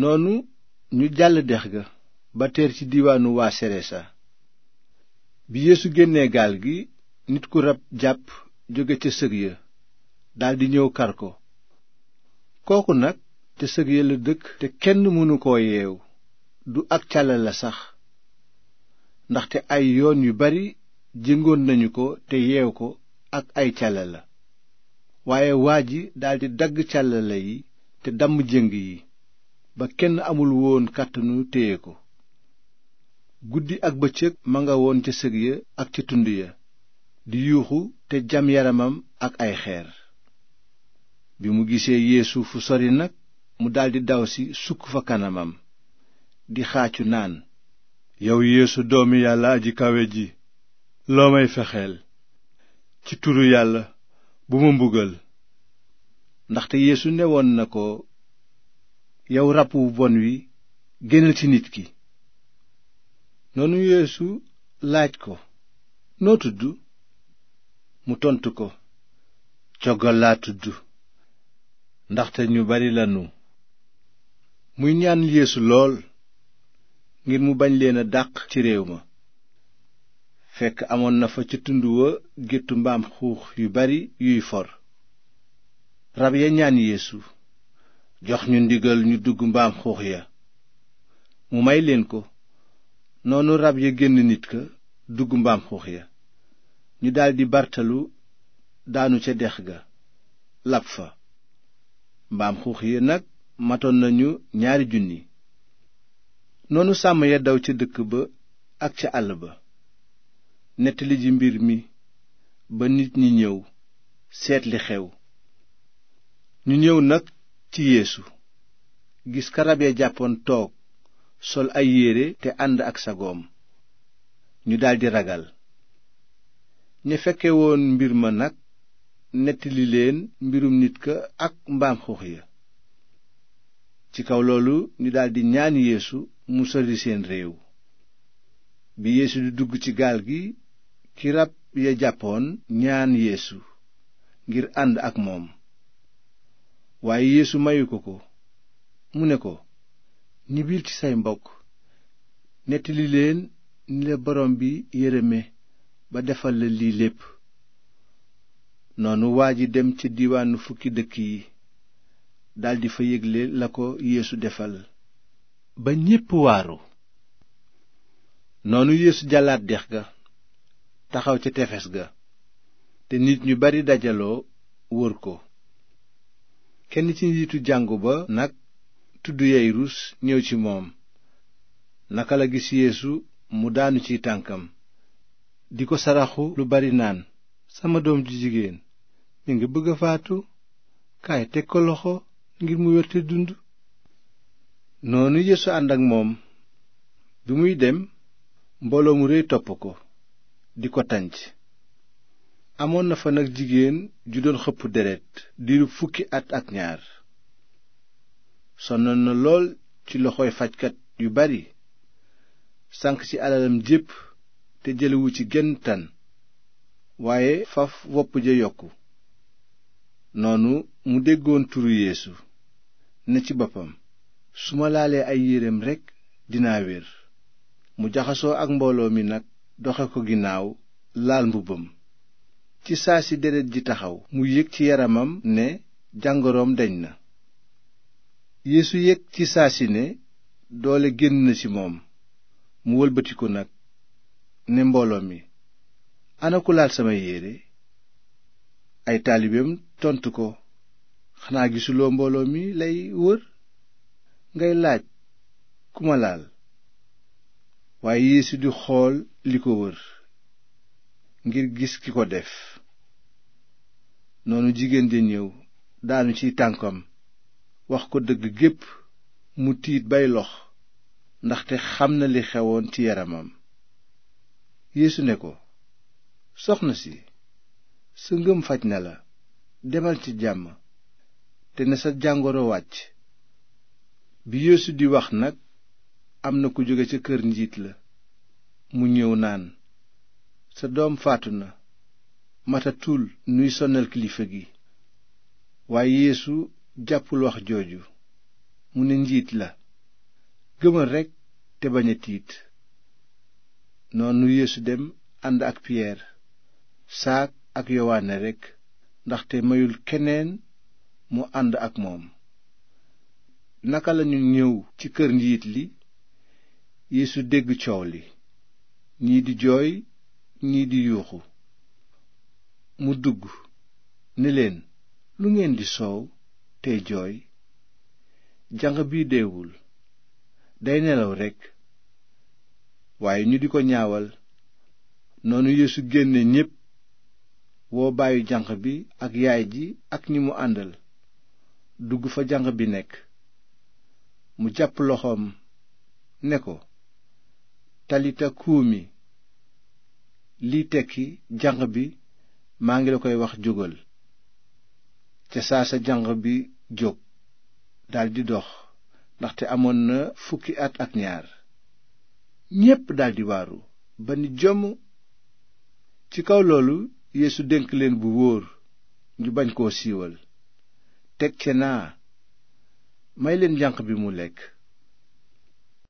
noonu ñu jàll dex ga ba ter ci diiwaanu waa seresa bi yeesu génnee gaal gi nit ku rab jàpp jóge ca sëg ya daldi ñëw kar ko kooku nag ca sëg ya la dëkk te kenn mënu koo yeew du ak càlla la sax ndaxte ay yoon yu bari jëngoon nañu ko te yeew ko ak ay càlla la waaye waa ji daldi dagg càlla yi te damm jëng yi ba kenn amul woon kàttanu téye ko guddi ak bëccëg ma nga woon ca sëg ya ak ca tund ya di yuuxu te jam yaramam ak ay xeer bi mu gisee yeesu fu sori nag mu daldi dawsi sukk fa kanamam di xaacu naan yow yeesu doomi yàlla aji kawe ji loo may fexeel ci turu yàlla bu ma mbugal ndaxte yeesu newoon na ko yow rab wu bon wi génnal ci nit ki noonu yéesu laaj ko noo tudd mu tontu ko coggal laa tudd ndaxte ñu bari lanu muy ñaan yéesu lool ngir mu bañ leen a dàq ci réew ma fekk amoon na fa ci tund wa géttu mbaam xuux yu bari yuy for rab ya ñaan yeesu jox ñu ndigal ñu dugg mbaam xuux ya mu may leen ko noonu rab ya génn nit ka dugg mbaam xuux ya ñu daldi bartalu daanu ca dex ga lab fa mbaam xuux ya nag matoon nañu ñaari junni noonu sàmm ya daw ca dëkk ba ak ca àll ba nettali ji mbir mi ba nit ñi ñëw seetli li xew ñu ñëw nag ci yéesu gis ka rab ya jàppoon toog sol ay yéere te ànd ak sagoom ñu daldi ragal ña fekke woon mbir ma nag nettali leen mbirum nit ka ak mbaam xuux ya ci kaw loolu ñu daldi ñaan yéesu mu sori seen réew bi yeesu di dugg ci gaal gi ki rab ya jàppoon ñaan yeesu ngir ànd ak moom waaye yeesu mayu ko ko mu ne ko ñibbil ci say mbokk nettali leen ni la borom bi yërëme ba defal la lii lépp noonu waa ji dem ci diwaanu fukki dëkk yi daldi fa yégle la ko yéesu defal ba ñépp waaru noonu yéesu jàllaat dex ga taxaw ca tefes ga te nit ñu bari dajaloo wër ko kenn ci njiitu jàngu ba nag tudd yayrus ñëw ci moom naka la gis yéesu mu daanu ci tànkam di ko saraxu lu bari naan sama doom ju jigéen mi ngi bëgg a faatu kaay teg ko loxo ngir mu wér dund noonu yeesu ànd ak moom bi muy dem mbooloo mu réy topp ko di ko tànc amoon na fa nag jigéen ju doon xëpp deret diirub fukki at ak ñaar sonnoon na lool ci loxoy fajkat yu bari sànq ci alalam jépp te jëlewu ci genn tan waaye faf wopp ja yokku noonu mu déggoon turu yeesu ne ci boppam su ma laalee ay yéreem rekk dinaa wér mu jaxasoo ak mbooloo mi nag doxe ko ginnaaw laal mbubbam ci saa si deret ji taxaw mu yëg ci yaramam ne jàngoroom deñ na yéesu yëg ci saa si ne doole génn na ci moom mu wëlbatiku nag ne mbooloo mi ana laal sama yére ay taalibeem tontu ko xanaa gisuloo mbooloo mi lay wër ngay laaj ku ma laal waaye Yeesu di xool li ko wër ngir gis ki ko def noonu jigéen ja ñëw daanu ci tànkam wax ko dëgg gépp mu tiit bay lox ndaxte xam na li xewoon ci yaramam yéesu ne ko soxna si sa ngëm faj na la demal ci jàmm te ne sa jàngoro wàcc bi yeesu di wax nag am na ku jóge ca kër njiit la mu ñëw naan sa doom faatu na matatul nuy sonal kilifa gi waaye yeesu jàppul wax jooju mu ne njiit la gëmal rekk te bañ a tiit noonu yéesu dem ànd ak piyeer saak ak yowaane rekk ndaxte mayul keneen mu ànd ak moom naka lañu ñëw ci kër njiit li yéesu dégg coow li ñii di jooy ñii di yuuxu mu dugg ne leen lu ngeen di soow tey jooy janq bi deewul day nelaw rekk waaye ñu di ko ñaawal noonu Yeesu génne ñépp woo bàyyi janq bi ak yaay ji ak ñi mu àndal dugg fa janq bi nekk mu jàpp loxoom ne ko talita kuumi lii tekki janq bi maa ngi la koy wax jógal ca saa sa janq bi jóg daldi dox ndaxte amoon na fukki at ak ñaar ñépp daldi waaru ba ni jomm ci kaw loolu yéesu dénk leen bu wóor ñu bañ koo siiwal teg ca naa may leen janq bi mu lekk